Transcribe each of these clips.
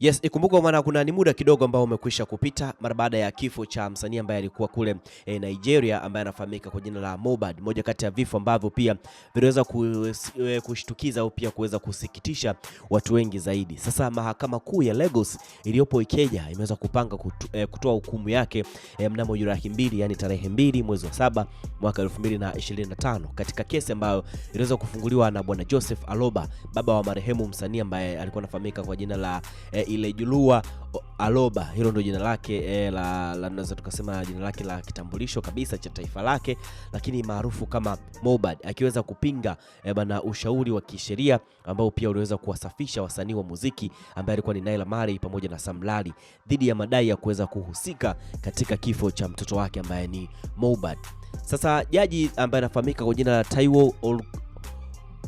Yes, ikumbuka maana kuna ni muda kidogo ambao umekwisha kupita mara baada ya kifo cha msanii ambaye alikuwa kule e, Nigeria ambaye anafahamika kwa jina la Mobad, moja kati ya vifo ambavyo pia viliweza e, kushtukiza au pia kuweza kusikitisha watu wengi zaidi. Sasa mahakama kuu ya Lagos iliyopo Ikeja imeweza kupanga kutu, e, kutoa hukumu yake e, mnamo Julai mbili, yani tarehe mbili mwezi wa saba mwaka 2025 katika kesi ambayo iliweza kufunguliwa na bwana Joseph Aloba, baba wa marehemu msanii ambaye alikuwa anafahamika kwa jina la e, ile Julua Aloba, hilo ndio jina lake e, la, naweza tukasema jina lake la kitambulisho kabisa cha taifa lake, lakini maarufu kama Mobad, akiweza kupinga e, bana ushauri wa kisheria ambao pia uliweza kuwasafisha wasanii wa muziki ambaye alikuwa ni Naila Mari pamoja na samlali dhidi ya madai ya kuweza kuhusika katika kifo cha mtoto wake ambaye ni Mobad. Sasa jaji ambaye anafahamika kwa jina la Taiwo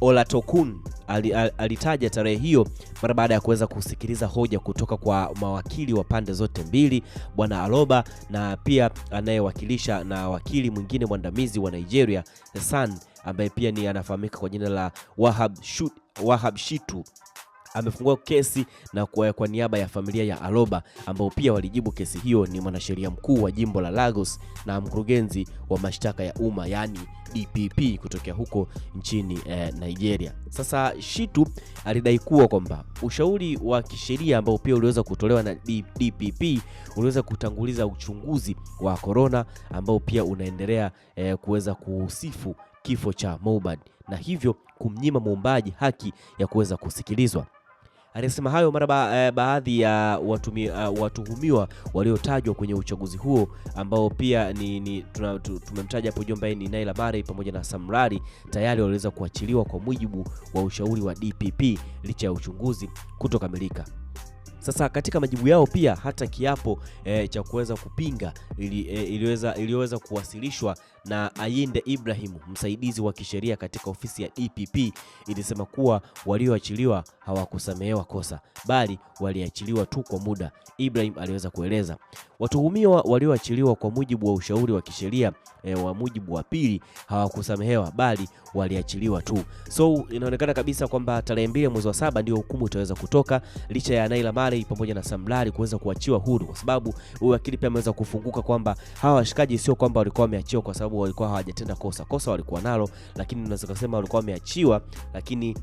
Olatokun al, al, alitaja tarehe hiyo mara baada ya kuweza kusikiliza hoja kutoka kwa mawakili wa pande zote mbili, bwana Aloba na pia anayewakilisha na wakili mwingine mwandamizi wa Nigeria San ambaye pia ni anafahamika kwa jina la Wahab, Shut, Wahab Shitu amefungua kesi na kwa, kwa niaba ya familia ya Aloba ambao pia walijibu kesi hiyo ni mwanasheria mkuu wa jimbo la Lagos na mkurugenzi wa mashtaka ya umma yani DPP e kutokea huko nchini eh, Nigeria. Sasa Shitu alidai kuwa kwamba ushauri wa kisheria ambao pia uliweza kutolewa na DPP uliweza kutanguliza uchunguzi wa korona ambao pia unaendelea eh, kuweza kusifu kifo cha Mohbad na hivyo kumnyima muombaji haki ya kuweza kusikilizwa. Alisema hayo mara ba, eh, baadhi ya uh, watuhumiwa waliotajwa kwenye uchaguzi huo ambao pia ni, ni tumemtaja hapo juu ni Naila Mari pamoja na Samrari tayari waliweza kuachiliwa kwa mujibu wa ushauri wa DPP licha ya uchunguzi kutokamilika. Sasa katika majibu yao pia hata kiapo e, cha kuweza kupinga ili, e, iliweza, iliweza kuwasilishwa na Ayinde Ibrahim, msaidizi wa kisheria katika ofisi ya DPP, e ilisema kuwa walioachiliwa hawakusamehewa kosa bali waliachiliwa tu kwa muda. Ibrahim aliweza kueleza watuhumiwa walioachiliwa kwa mujibu wa ushauri wa kisheria e, wa mujibu wa pili hawakusamehewa bali waliachiliwa tu. So inaonekana kabisa kwamba tarehe mbili mwezi wa saba ndio hukumu itaweza kutoka licha ya Naila Mbarei pamoja na Samlari kuweza kuachiwa huru, kwa sababu huyu wakili pia ameweza kufunguka kwamba hawa washikaji sio kwamba walikuwa wameachiwa kwa sababu walikuwa hawajatenda kosa. Kosa walikuwa nalo, lakini unaweza kusema walikuwa wameachiwa lakini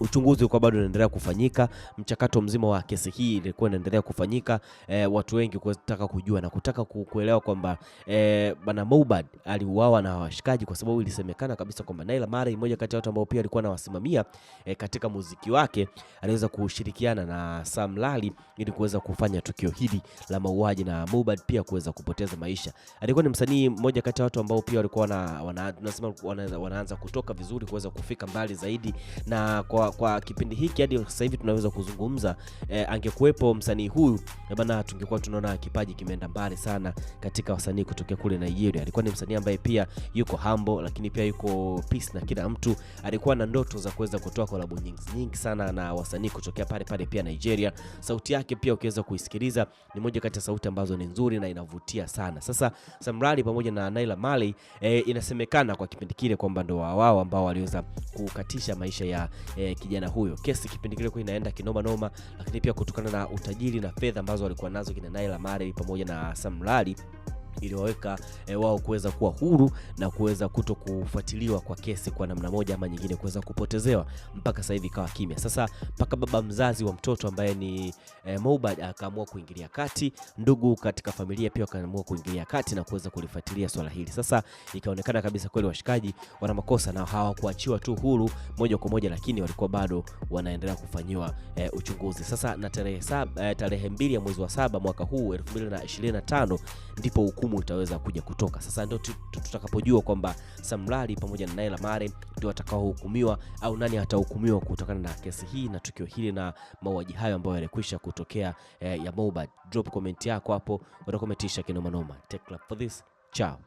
uchunguzi ulikuwa bado unaendelea kufanyika, mchakato mzima wa kesi hii ilikuwa inaendelea kufanyika e, watu wengi kutaka kujua na kutaka kuelewa kwamba e, eh, bana Mubad aliuawa na washikaji, kwa sababu ilisemekana kabisa kwamba Naila Marley, mmoja kati ya watu ambao pia alikuwa anawasimamia e, eh, katika muziki wake, aliweza kushirikiana na Sam Lali ili kuweza kufanya tukio hili la mauaji na Mubad pia kuweza kupoteza maisha. Alikuwa ni msanii mmoja kati ya watu ambao pia walikuwa wana, wana, wana, wanaanza kutoka vizuri kuweza kufika mbali zaidi na kwa kwa, kipindi hiki hadi sasa hivi tunaweza kuzungumza e, angekuwepo msanii huyu eh, bana, tungekuwa tunaona kipaji kimeenda mbali sana katika wasanii kutokea kule Nigeria. Alikuwa ni msanii ambaye pia yuko humble, lakini pia yuko peace na kila mtu. Alikuwa na ndoto za kuweza kutoa kolabo nyingi nyingi sana na wasanii kutokea pale pale pia Nigeria. Sauti yake pia ukiweza kuisikiliza ni moja kati ya sauti ambazo ni nzuri na inavutia sana. Sasa Samrali pamoja na Naila Marley e, inasemekana kwa kipindi kile kwamba ndo wao ambao waliweza kukatisha maisha ya e, kijana huyo. Kesi kipindi kile inaenda kinoma noma, lakini pia kutokana na utajiri na fedha ambazo walikuwa nazo kina Naila Marley pamoja na Sam Larry iliyoweka e, eh, wao kuweza kuwa huru na kuweza kuto kufuatiliwa kwa kesi kwa namna moja ama nyingine, kuweza kupotezewa mpaka sasa hivi ikawa kimya. Sasa mpaka baba mzazi wa mtoto ambaye ni e, eh, Mubad akaamua kuingilia kati, ndugu katika familia pia wakaamua kuingilia kati na kuweza kulifuatilia swala hili. Sasa ikaonekana kabisa kweli washikaji wana makosa na hawakuachiwa tu huru moja kwa moja, lakini walikuwa bado wanaendelea kufanyiwa e, uchunguzi. Sasa na tarehe e, tarehe mbili ya mwezi wa saba mwaka huu 2025 ndipo hukumu mfumo utaweza kuja kutoka. Sasa ndio tutakapojua kwamba Samrali pamoja na Naila mare ndio atakaohukumiwa au nani atahukumiwa kutokana na kesi hii na tukio hili na mauaji hayo ambayo yalikwisha kutokea eh, ya Mohbad. Drop comment yako hapo, utakometisha kinomanoma. Take love for this. Ciao.